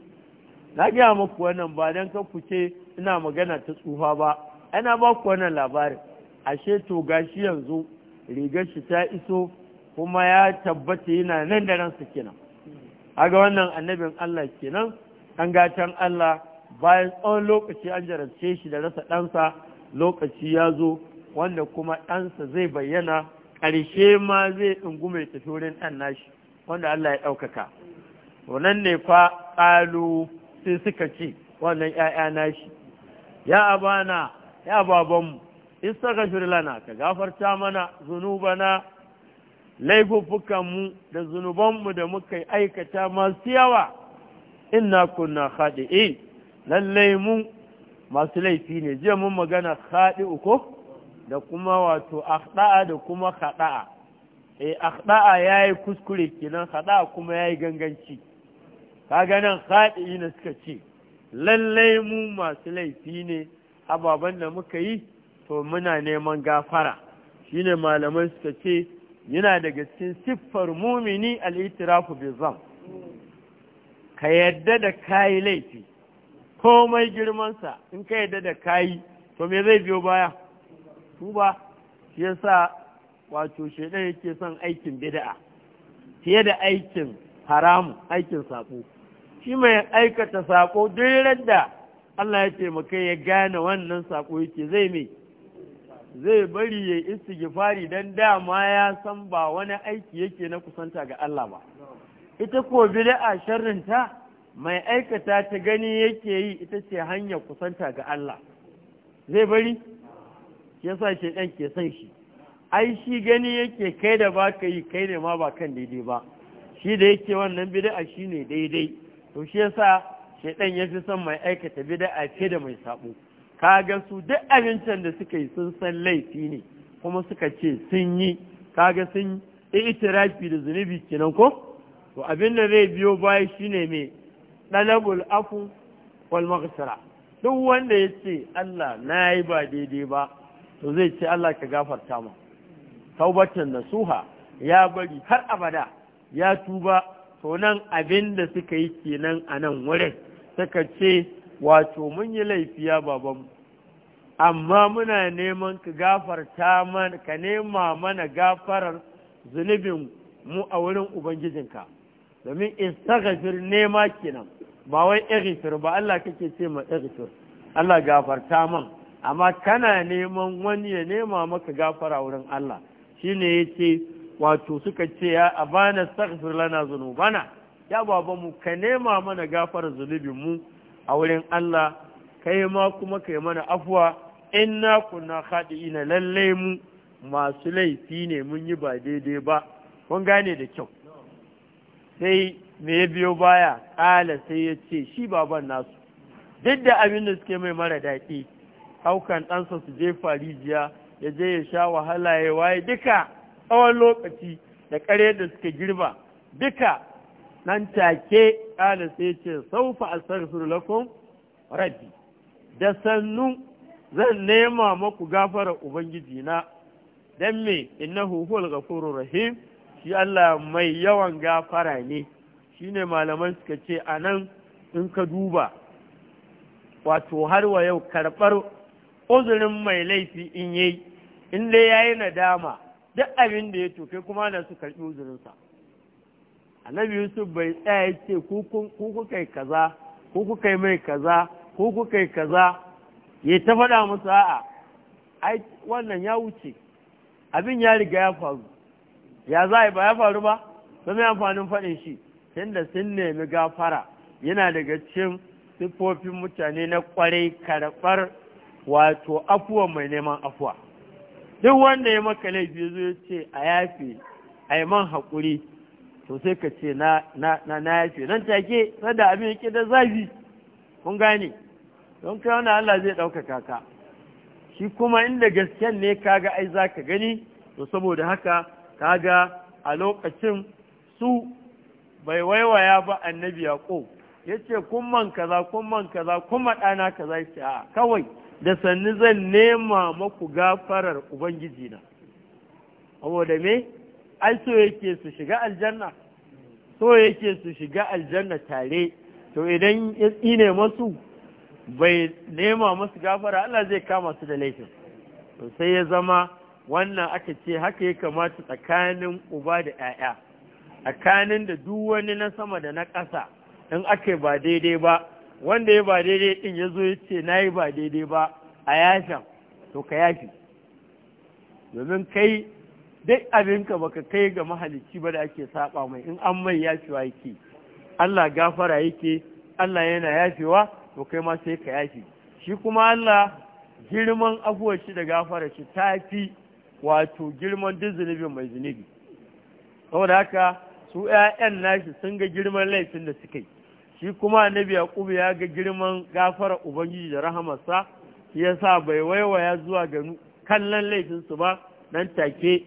A: na gaya muku wannan ba dan kan ku ce ina magana ta tsufa ba ana ba ku wannan labarin ashe to gashi yanzu rigar shi ta iso kuma ya tabbata yana nan da ransa kenan aga wannan annabin Allah kenan an gatan Allah bayan tsawon lokaci an jarabce shi da rasa ɗansa lokaci ya zo wanda kuma ɗansa zai bayyana ƙarshe ma zai ɗungume tafi wurin ɗan nashi wanda Allah ya ɗaukaka wannan ne fa ƙalu sai suka ce wannan ‘ya'ya nashi ya abana ya babanmu istaghfir lana ka gafarta mana zunubana laifuffukanmu da zunubanmu da muka aikata masu yawa inna kunna khadi'i lallai mu masu laifi ne jiya mun magana khadi'u ko da kuma wato akhda'a da kuma khada'a eh akhda'a yayi kuskure kenan khada'a kuma yayi ganganci kaga nan khadi'i ne suka ce lallai mu masu laifi ne ababan da muka yi to muna neman gafara shine malamai suka ce yana daga cikin siffar mumini al'itirafu bizam ka yadda da kayi laifi komai girmansa in ka yadda da kayi to me zai biyo baya tuba shi yasa wato shaidan yake son aikin bida'a? fiye da aikin haramu aikin sako shi mai aikata sako duk da Allah ya ce taimaka ya gane wannan sako yake zai mai zai bari ya yi istighfari don dama ya san ba wani aiki yake na kusanta ga Allah ba ita ko bid'a sharrinta mai aikata ta gani yake yi ita ce hanyar kusanta ga Allah zai bari yasa shi ɗan ke san shi ai shi gani yake kai da ba yi kai ne ma ba kan daidai ba shi da yake wannan bid'a shine daidai to shi yasa shedan ya fi son mai aikata bid'a fiye da mai sabo kaga su duk abincin da suka yi sun san laifi ne kuma suka ce sun yi kaga sun itirafi da zunubi kenan ko to abin da zai biyo baya shine mai dalabul afu wal maghfira duk wanda ya ce Allah na yi ba daidai ba to zai ce Allah ka gafarta ma taubatan nasuha ya bari har abada ya tuba to nan abin da suka yi kenan a nan wurin suka ce wato mun yi laifiya babanmu amma muna neman ka gafarta mana ka nema mana gafarar zunubin mu a wurin ubangijinka domin istaghfir nema kenan ba wai ighfir ba Allah kake ce ma ighfir Allah gafarta man amma kana neman wani ya nema maka gafara wurin Allah shine yace wato suka ce ya abana astaghfir lana zunubana ya babanmu ka nema mana gafarar zunubin mu a wurin Allah kai ma kuma kai mana afuwa in kuna haɗi ina lalle mu masu laifi ne mun yi ba daidai ba kun gane da kyau sai me ya biyo baya ƙala sai ya ce shi baban nasu duk da abin da suke mai mara daɗi haukan ɗansa su je farijiya ya je ya sha wahala ya waye duka tsawon lokaci da ƙare da suka girba duka nan take kala sai ce saufa sarfin lakum rabbi da sannu zan nema maku gafara ubangiji na don me ina huwal ghafurur rahim shi Allah mai yawan gafara ne shine malaman suka ce a nan in ka duba wato har wa yau karɓar uzurin mai laifi in yayi in dai yayi nadama duk abin da ya to kuma na su karɓi uzurinsa annabi yusuf bai tsaya ya ce ku kuka yi kaza ku kuka yi mai kaza ku kuka yi kaza ya ta faɗa musu a'a wannan ya wuce abin ya riga ya faru ya za ba ya faru ba sun yi amfanin faɗin shi tunda sun nemi gafara yana daga cikin siffofin mutane na kwarai karɓar wato afuwa mai neman afuwa duk wanda ya maka laifi zo ya ce a yafe a yi man haƙuri to sai ka ce na na ya na nan take sada abin yake da zafi kun gane don kai wani Allah zai ɗaukaka ka shi kuma inda gasken ne kaga ai za ka gani to saboda haka kaga a lokacin su bai waiwaya ba annabi yaƙo yace ce kumman kaza kumman kaza kuma ɗana kaza ya ce a kawai da sannu zan nema maku gafarar ubangiji na saboda me ai so yake su shiga aljanna so yake su shiga aljanna tare to idan ya tsine masu bai nema masu gafara Allah zai kama su da laifin to sai ya zama wannan aka ce haka ya kamata tsakanin uba da 'ya'ya tsakanin da duk wani na sama da na ƙasa in aka ba daidai ba wanda ya ba daidai din ya zo ya ce na yi ba daidai ba a yashin to ka yafi domin kai duk abinka baka kai ga mahalicci ba da ake saba mai in an mai yafewa yake Allah gafara yake Allah yana yafewa to kai ma sai ka yafe shi kuma Allah girman abuwa shi da gafara shi ta fi wato girman duk zunubin mai zunubi saboda haka su ‘ya'yan nashi sun ga girman laifin da suka yi shi kuma annabi yaƙubu ya ga girman gafara ubangiji da rahamarsa shi yasa bai waiwaya zuwa ga kallon laifinsu ba nan take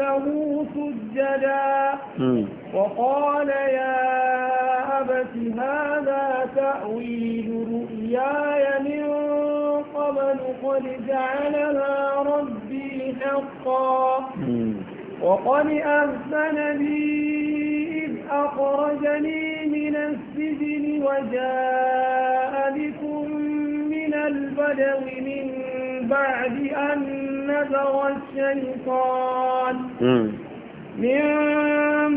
B: له سجدا وقال يا أبت هذا تأويل رؤياي من قبل قد جعلها ربي حقا وقد أهسن بي إذ أخرجني من السجن وجاء بكم من البدو من بعد أن نزغ الشيطان من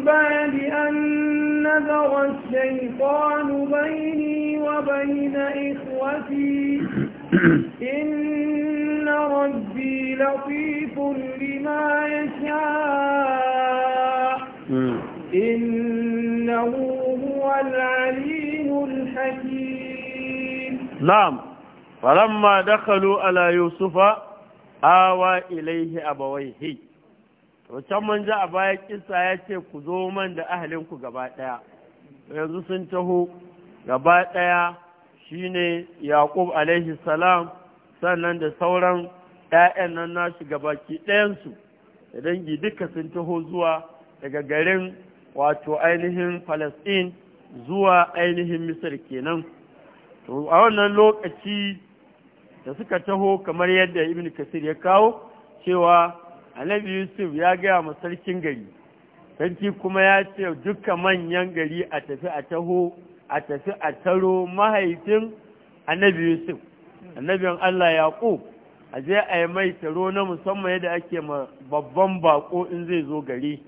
B: بعد أن نزغ الشيطان بيني وبين إخوتي إن ربي لطيف لما يشاء إنه هو العليم الحكيم
A: نعم falamma dakhalu ala yusufa awa ilaihi abawaihi to can mun ji a baya kissa yace ce ku zo man da ahalinku gaba daya yanzu sun taho gaba daya shine yaqub alaihi salam sannan da sauran ƴaƴan nan nashi gabaki ɗayansu da dangi duka sun taho zuwa daga garin wato ainihin Falasɗin zuwa ainihin Misir kenan. To a wannan lokaci da suka taho kamar yadda ibn kasir ya kawo cewa annabi yusuf ya gaya ma sarkin gari sarki kuma ya ce duka manyan gari a tafi a taho a tafi a taro mahaifin annabi yusuf annabin allah yaƙub a je a yi mai taro na musamman yadda ake ma babban bako in zai zo gari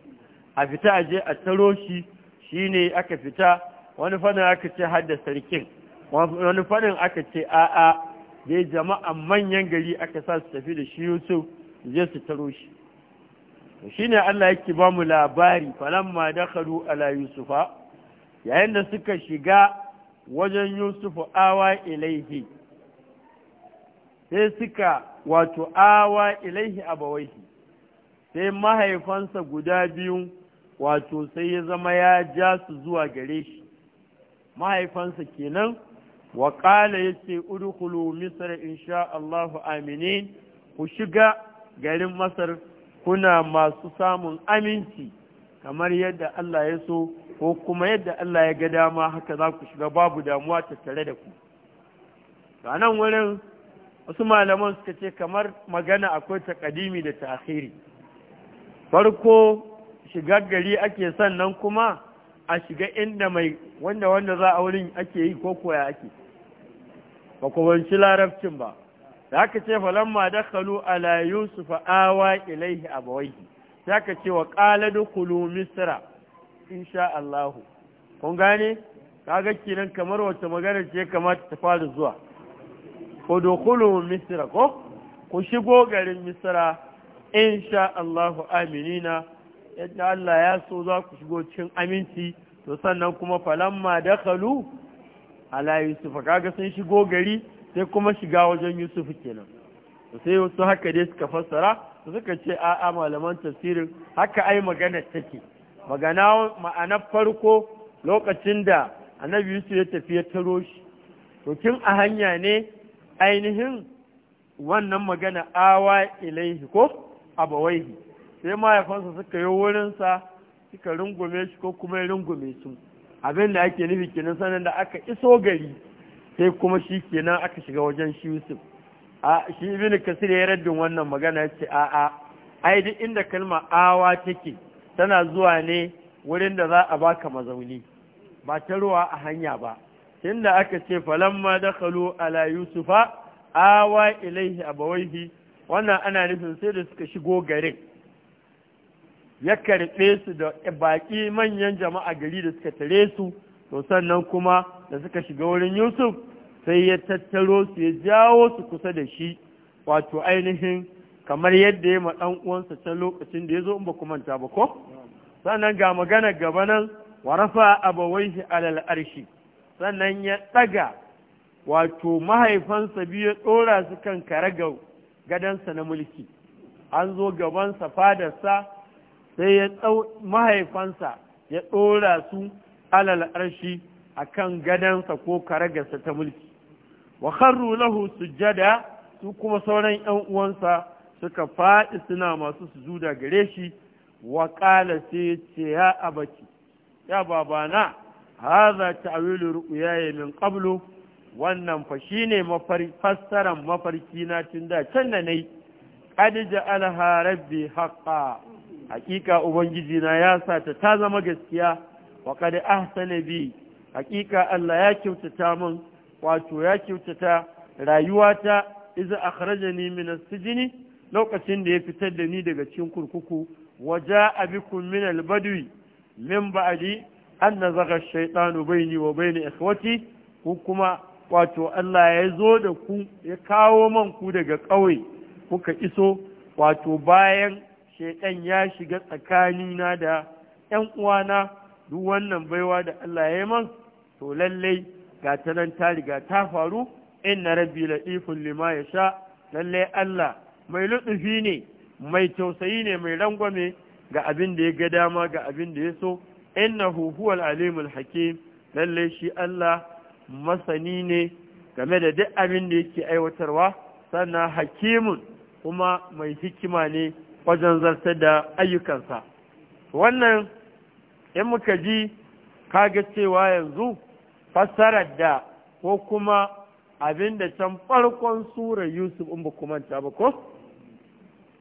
A: a fita a je a taro shi shine aka fita wani fannin aka ce hadda sarkin wani fannin aka ce a'a da jama'an manyan gari aka sa su tafi da shi yusuf je su taro shi shi Allah yake ba mu labari falamma da ala yusufa yayin da suka shiga wajen yusufu awa ilaihi sai suka wato awa ilaihi abawaihi sai mahaifansa guda biyu wato sai ya zama ya ja su zuwa gare shi mahaifansa kenan wa ƙala ya ce udkhulu in insha Allahu aminin ku shiga garin masar kuna masu samun aminci kamar yadda Allah ya so ko kuma yadda Allah ya ga dama haka za ku shiga babu damuwa tattare da ku a nan wurin wasu malaman suka ce kamar magana akwai ta kadimi da tahiri farko shiga gari ake sannan kuma a shiga inda mai wanda wanda za a wurin ake yi ko koya ake ba ku wanci larabcin ba da aka ce da kalu ala yusuf awa ilaihi bawai sai aka ce wa qala dukhulu misra insha Allahu kun gane ga kinan kamar wace magana ce kamata ta fara zuwa ku dukhulu misra ko ku shigo garin misra insha Allahu aminina yadda Allah ya so za ku shigo cikin aminci to sannan kuma da kalu ala yusufa kaga sun shigo gari sai kuma shiga wajen yusuf kenan sai wasu haka dai suka fassara suka ce a'a malaman tafsirin haka ai magana take magana ma'anar farko lokacin da annabi yusuf ya tafi ya taro shi to kin a hanya ne ainihin wannan magana awa ilaihi ko abawaihi sai mahaifansa suka yi wurinsa suka rungume shi ko kuma ya rungume su abin da ake nufi kenan sanin da aka iso gari sai kuma shi kenan aka shiga wajen shi Yusuf a shi ibn kasir ya raddin wannan magana ya ce a'a ai duk inda kalma awa take tana zuwa ne wurin da za a baka mazauni ba ta ruwa a hanya ba tunda aka ce falamma dakhalu ala yusufa awa ilaihi abawaihi wannan ana nufin sai da suka shigo garin ya karɓe su da baƙi manyan jama'a gari da suka tare su to sannan kuma da suka shiga wurin yusuf sai ya tattaro su ya jawo su kusa da shi wato ainihin kamar yadda ya ɗan uwansa can lokacin da ya zo in ba ku manta ba ko sannan ga magana gaba nan Abawai abawaihi alal arshi sannan ya ɗaga wato mahaifansa biyu ya ɗora su kan karagau gadansa na mulki an zo gabansa fadarsa sai ya ɗau mahaifansa ya ɗora su alal arshi a kan gadansa ko karagarsa ta mulki wa kharru lahu sujjada su kuma sauran ‘yan uwansa suka faɗi suna masu sujuda gare shi wa ƙala sai ce ya abaki ya babana haza ta'awilu ru'yaya min qablu wannan fa shine mafari fassaran mafarki tun da can da nayi qad ja'alaha rabbi haqqan hakika ubangiji na ya sa ta ta zama gaskiya wa kada ahsana bi hakika Allah ya kyautata min wato ya kyautata rayuwata iza akhrajani min as-sijni lokacin da ya fitar da ni daga cikin kurkuku waja abikum min al-badwi min ba'di an nazaga shaytanu bayni wa bayni ikhwati ku kuma wato Allah ya zo da ku ya kawo man ku daga ƙauye kuka iso wato bayan shaidan ya shiga tsakanina da ‘yan uwana duk wannan baiwa da Allah ya yi man to lallai ga ta nan ta riga ta faru In na rabbi laɗifin lima ya sha lallai Allah mai lutsufi ne mai tausayi ne mai rangwame ga abin da ya ga dama ga abin da ya so In na huhuwal alimul hakim lallai shi Allah masani ne game da duk abin da yake aiwatarwa sannan hakimun kuma mai hikima ne wajen zartar da ayyukansa wannan in muka ji kaga cewa yanzu fassarar da ko kuma abin da can farkon sura yusuf in ba manta ba ko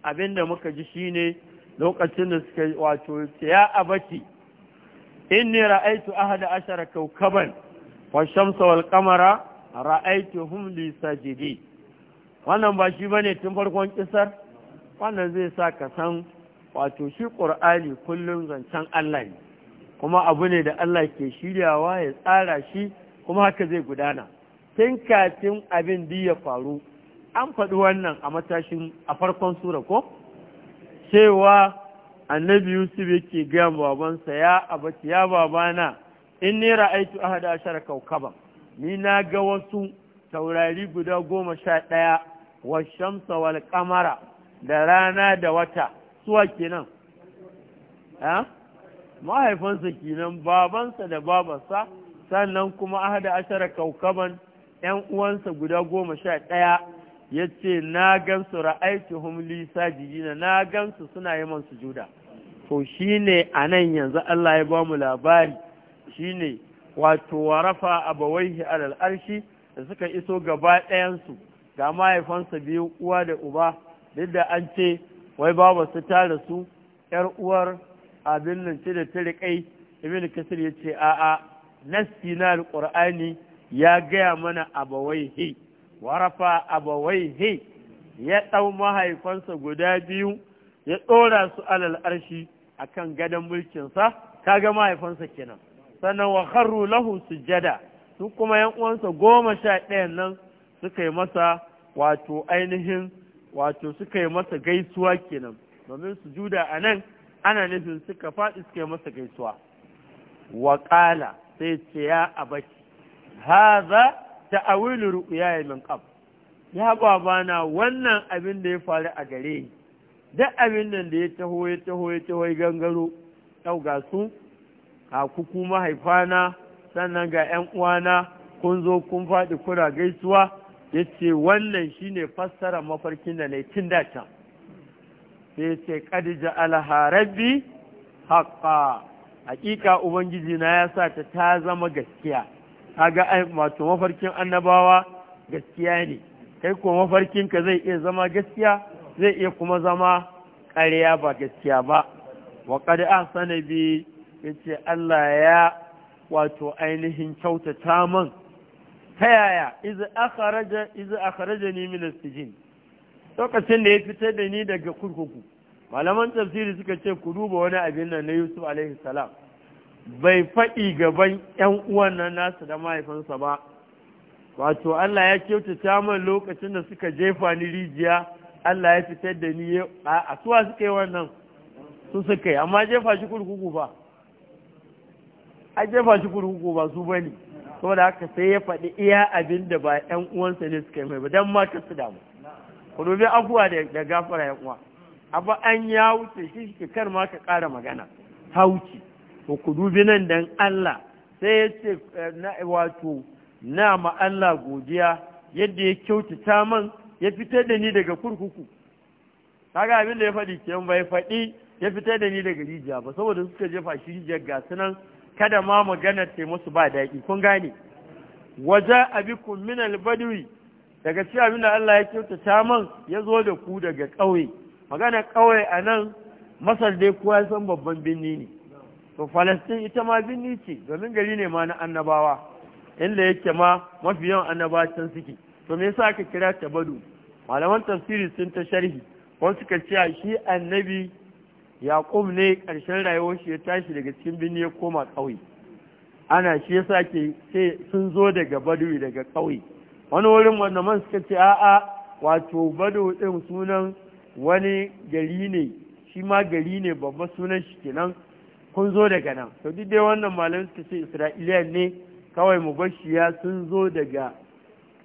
A: abin da muka ji shine lokacin da suka wato ya abati ne ra'aitu ahada ashara kaukaban wa shamsa wal qamara ra'aituhum li sajidi wannan ba shi bane tun farkon kisar wannan zai sa ka san wato shi ƙur'ani kullum zancen Allah ne kuma abu ne da Allah ke shiryawa ya tsara shi kuma haka zai gudana tun kafin abin da ya faru an faɗi wannan a matashin a farkon sura ko cewa annabi Yusuf yake gaya babansa ya abaci ya babana in ni ra'aitu ahada ashara kaukaban ni na ga wasu taurari guda goma sha ɗaya wa shamsa wal kamara da rana da wata suwa kenan ha mahaifinsa kenan babansa da babarsa sannan kuma hada ashara kaukaban ‘yan uwansa guda goma sha ɗaya ya ce na gansu ra'aitu humli sajidina na gansu suna yi man juda to shi ne a nan yanzu Allah ya ba mu labari shi ne wato wa rafa a alal arshi da suka iso gaba ɗayansu ga mahaifansa biyu uwa da uba duk da an ce wai babu su tare su ‘yar uwar abin nan ce da ta riƙai ibn kasir ya ce a'a nassi na alƙur'ani ya gaya mana abawaihi he warafa abawaihi ya ɗau mahaifansa guda biyu ya ɗora su alal arshi akan gadon mulkinsa kaga mahaifansa kenan sannan wa kharru lahu sujada su kuma yan uwansa goma sha ɗayan nan suka yi masa wato ainihin wato suka yi masa gaisuwa kenan domin su juda a nan ana nufin suka faɗi suka yi masa gaisuwa Waƙala sai ce ya abaki haza ta'awilu ru'yaya min ƙaf ya babana wannan abin da ya faru a gare ni duk abin nan da ya taho ya taho ya taho ya gangaro ga su a kuku mahaifana sannan ga ‘yan uwana kun zo kun faɗi kuna gaisuwa ya ce wannan shi ne fassara mafarkin da na yi tun dacan sai ya ce ƙadija alharabbi haƙa haƙiƙa ubangiji na ya sa ta ta zama gaskiya kaga wato mafarkin annabawa gaskiya ne kai ko mafarkin ka zai iya zama gaskiya zai iya kuma zama ƙarya ba gaskiya ba wa qad sanabi ya yace Allah ya wato ainihin kyautata man ta yaya izu akharaja ni min lokacin da ya fitar da ni daga kurkuku malaman tafsiri suka ce ku duba wani abin nan na Yusuf alaihi salam bai faɗi gaban 'yan uwan nan nasu da mahaifinsa ba wato Allah ya kyautata min lokacin da suka jefa ni rijiya Allah ya fitar da ni a suwa suka yi wannan su suka yi amma jefa shi kurkuku ba a jefa shi kurkuku ba su bane saboda haka sai ya faɗi iya abin da ba ‘yan uwansa ne suka yi mai ba don mata su damu ku dubi abuwa da gafara ‘yan uwa abu an ya wuce shi shi kar ma ka ƙara magana hauci ko ku dubi nan don Allah sai ya ce eh, na wato na ma Allah godiya yadda ya kyautata man ya fitar da ni daga kurkuku kaga abin da ya faɗi ba bai faɗi ya fitar da ni daga rijiya ba saboda suka jefa shi rijiyar ga nan kada ma maganar ta musu ba daɗi kun gane waje abikun min albadwi daga ci abin Allah ya kyautata man ya zo da ku daga ƙauye magana ƙauye a nan masar dai kowa san babban birni ne to falastin ita ma birni ce domin gari ne ma na annabawa inda yake ma mafi yawan annabacin suke to me yasa aka kira ta badu malaman tafsiri sun ta sharhi wasu suka ce shi annabi yaƙub ne ƙarshen rayuwar shi ya tashi daga cikin birni ya koma ƙauye ana shi ya sake sai sun zo daga badui daga ƙauye wani wurin wanda man suka ce a'a wato bado ɗin sunan wani gari ne shi ma gari ne babba sunan shi kenan kun zo daga nan to duk dai wannan malam suka ce isra'iliya ne kawai mu ya sun zo daga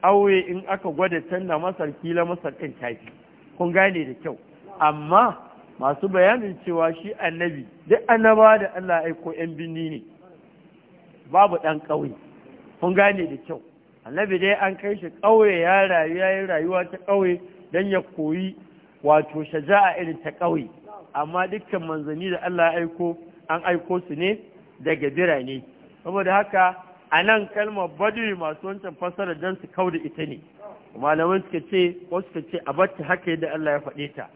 A: ƙauye in aka gwada canza masar kila masar ɗin tafi kun gane da kyau amma masu bayanin cewa shi annabi duk annaba da Allah aiko ‘yan binni ne babu ɗan kauye. kun gane da kyau annabi dai an kai shi kauye ya rayu ya yi rayuwa ta kauye don ya koyi wato shaja'a irin ta kauye amma dukkan manzanni da Allah ya aiko an aiko su ne daga birane saboda haka a nan kalmar badri masu wancan fasara don su kau da ita ne malamai suka ce wasu suka ce a haka yadda Allah ya faɗe ta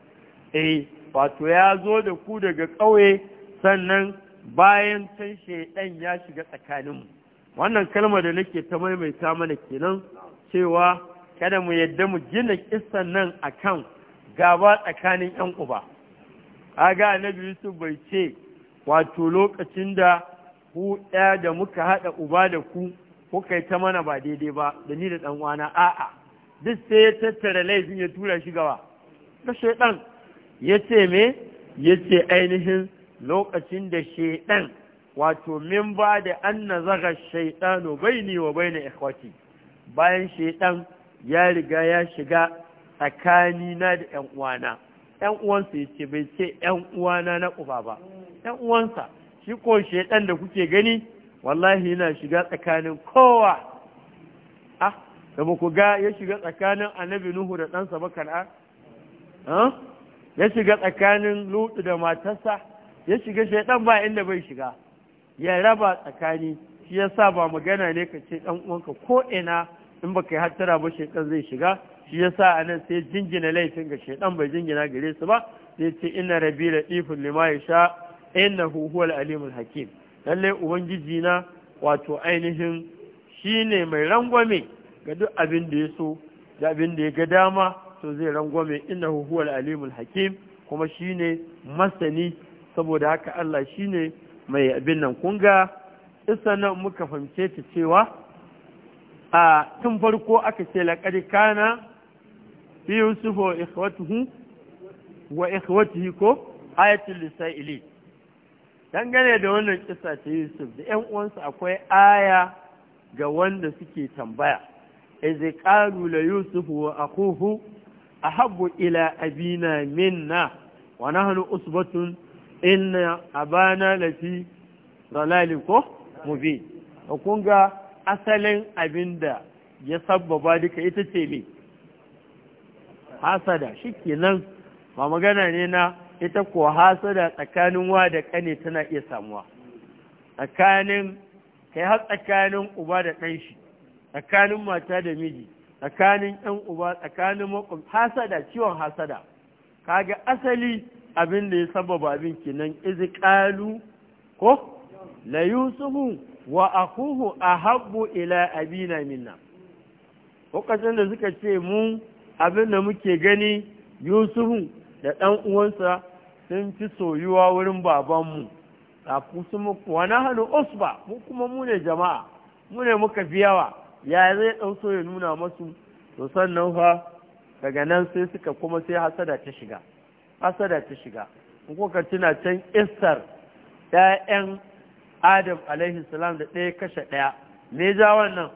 A: eh wato ya zo da ku daga ƙauye sannan bayan can shaidan ya shiga tsakaninmu wannan kalmar da nake ta maimaita mana kenan cewa kada mu yadda mu gina kissan nan akan gaba tsakanin yan uba kaga annabi Yusuf bai ce wato lokacin da ku ɗaya da muka haɗa uba da ku kuka yi ta mana ba daidai ba da ni da ɗan uwana a'a duk sai ya tattara laifin ya tura shi gaba da shaidan ya ce me ya ce ainihin lokacin da shaidan, wato min da an na zaga bai ne wa bai na ikwati bayan shaidan ya riga ya shiga tsakanina da ‘yan uwana ya ce bai ce ‘yan uwana na ƙufa ba ‘yan uwansa shi ko shaidan da kuke gani wallahi yana shiga tsakanin kowa ah da ba ku ga ya shiga tsakanin annabi nuhu da ɗansa bakar kan'a ya shiga tsakanin lutu da matarsa ya shiga shaidan ba inda bai shiga ya raba tsakani shi ya sa ba magana ne ka ce ɗan uwanka ko ina in ba ka yi hattara ba shaidan zai shiga shi ya sa anan sai jingina laifin ga shaidan bai jingina gare su ba sai ce ina rabi da ifin lima ya sha inna huwal alimul hakim lallai ubangiji na wato ainihin shine mai rangwame ga duk abin da ya so da abin da ya ga dama to zai rangwame innahu huwal alimul hakim kuma shine masani saboda haka Allah shine mai abin nan kunga. ga na muka fahimce ta cewa a tun farko aka ce laqad kana fi yusuf wa ikhwatuhu wa ikhwatihi ko ayatul lisaili dangane da wannan kisa ta yusuf da ƴan uwansa akwai aya ga wanda suke tambaya iz qalu la yusuf wa akhuhu ahabbu ila abina minna wa nahnu usbatun inna abana lafi dalalin ko mubin kun ga asalin abinda ya sabbaba duka ita ce ne hasada shikenan ba magana ne na ita ko hasada tsakanin wa da kane tana iya samuwa tsakanin kai har tsakanin uba da ɗan shi tsakanin mata da miji tsakanin ‘yan uba tsakanin makon hasada ciwon hasada kaga asali abin da ya sababa abin kinan izikalu ko la yusufu wa akuhu ahabbu ila abina minna da suka ce mu abin da muke gani yusufu da ɗan uwansa sun fi soyuwa wurin babanmu a kusa muku wani hannu usba mu kuma mu ne jama'a mu ne muka fi yawa ya zai ɗauso ya nuna masu to sannan fa daga nan sai suka kuma sai hasada ta shiga hasada ta shiga in kuka tuna can istar ɗayan adam alaihi salam da ɗaya kashe ɗaya me ja wannan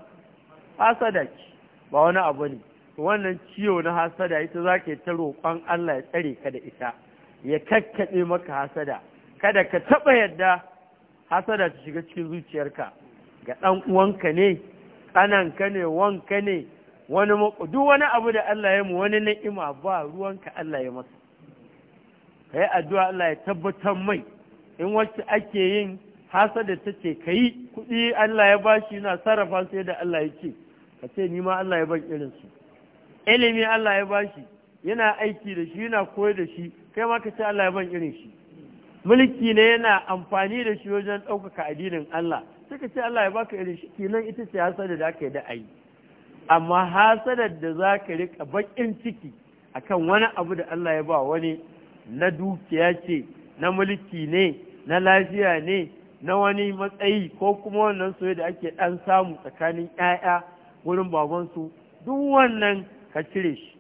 A: hasada ce ba wani abu ne wannan ciwo na hasada ita za ka yi ta roƙon Allah ya tsare ka da ita ya kakkaɓe maka hasada kada ka taɓa yadda hasada ta shiga cikin zuciyarka ga ɗan uwanka ne tsananka ne wanka ne wani duk wani abu da Allah ya mu wani ni'ima ba ruwanka Allah ya masa ka yi addu'a Allah ya tabbatar mai in wacce ake yin hasada ta ce ka yi kuɗi Allah ya bashi na sarrafa sai da Allah ya ce ka ce ni ma Allah ya ban irinsu ilimi Allah ya bashi yana aiki da shi yana koyar da shi kai ma ka ce Allah ya ban irin shi mulki ne yana amfani da shi wajen ɗaukaka addinin Allah suka ce Allah ya baka irin shi kinan ita ce hasada da aka yi da ayi amma hasadar da za ka rika bakin ciki akan wani abu da Allah ya ba wani na dukiya ce na mulki ne na lafiya ne na wani matsayi ko kuma wannan soyayya da ake dan samu tsakanin ƴaƴa wurin babansu duk wannan ka cire shi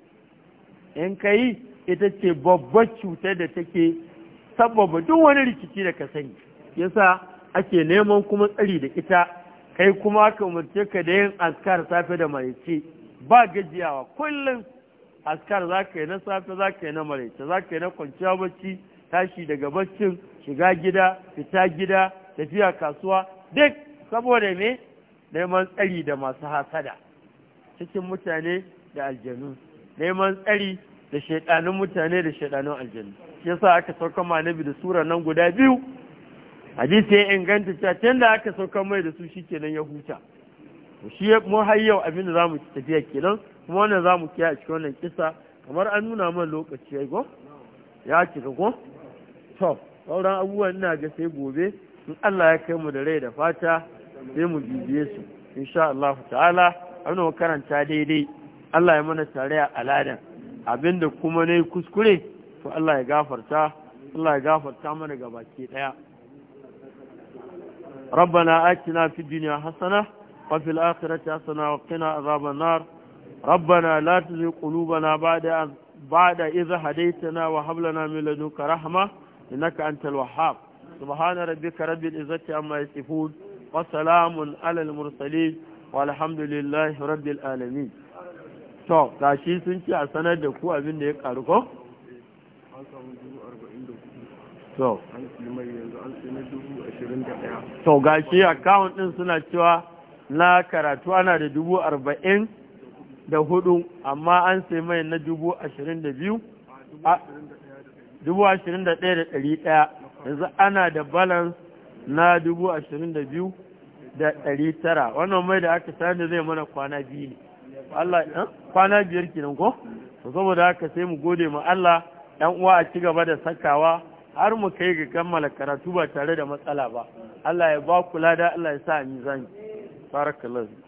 A: in ka yi ita ce babbar cutar da take sababa duk wani rikici da ka sani yasa ake neman kuma tsari da ita kai kuma ka umarce ka da yin askar safe da maraice ba gajiyawa kullum askar za ka yi na safe za ka yi na maraice za ka yi na kwanciya bacci tashi daga baccin shiga gida fita gida tafiya kasuwa duk saboda me neman tsari da masu hasada cikin mutane da aljanu neman tsari da shaidanin mutane da shaidanin aljanu shi yasa aka sauka manabi da sura nan guda biyu hadisi ya inganta cewa da aka sauka mai da su shikenan ya huta shi mu har yau abin da za mu tafiya kenan kuma wannan mu kiya a cikin wannan kisa kamar an nuna man lokaci ya go ya cika go to sauran abubuwan ina ga sai gobe in Allah ya kai mu da rai da fata sai mu bibiye su insha Allah ta'ala ana karanta daidai Allah ya mana tare a aladan abinda kuma nayi kuskure to Allah ya gafarta Allah ya gafarta mana gabaki daya ربنا آتنا في الدنيا حسنة وفي الآخرة حسنة وقنا عذاب النار ربنا لا تزغ قلوبنا بعد بعد إذ هديتنا وهب لنا من لدنك رحمة إنك أنت الوهاب سبحان ربك رب العزة عما يصفون وسلام على المرسلين والحمد لله رب العالمين to gashi sun ce a sanar da ku abin da ya karu ko to to gashi account din suna cewa na karatu ana da dubu arba'in da hudu amma an sai mai na dubu ashirin da biyu dubu ashirin da ɗaya da ɗari ɗaya yanzu ana da balance na dubu ashirin da biyu da ɗari tara wannan mai da aka sani zai mana kwana biyu ne Allah eh, kwana biyar kinan ko saboda aka sai mu gode ma Allah ɗan uwa a ci gaba da sakawa har mu kai ga kammala karatu ba tare da matsala ba Allah ya ba kula da Allah ya sa zan fara barakallahu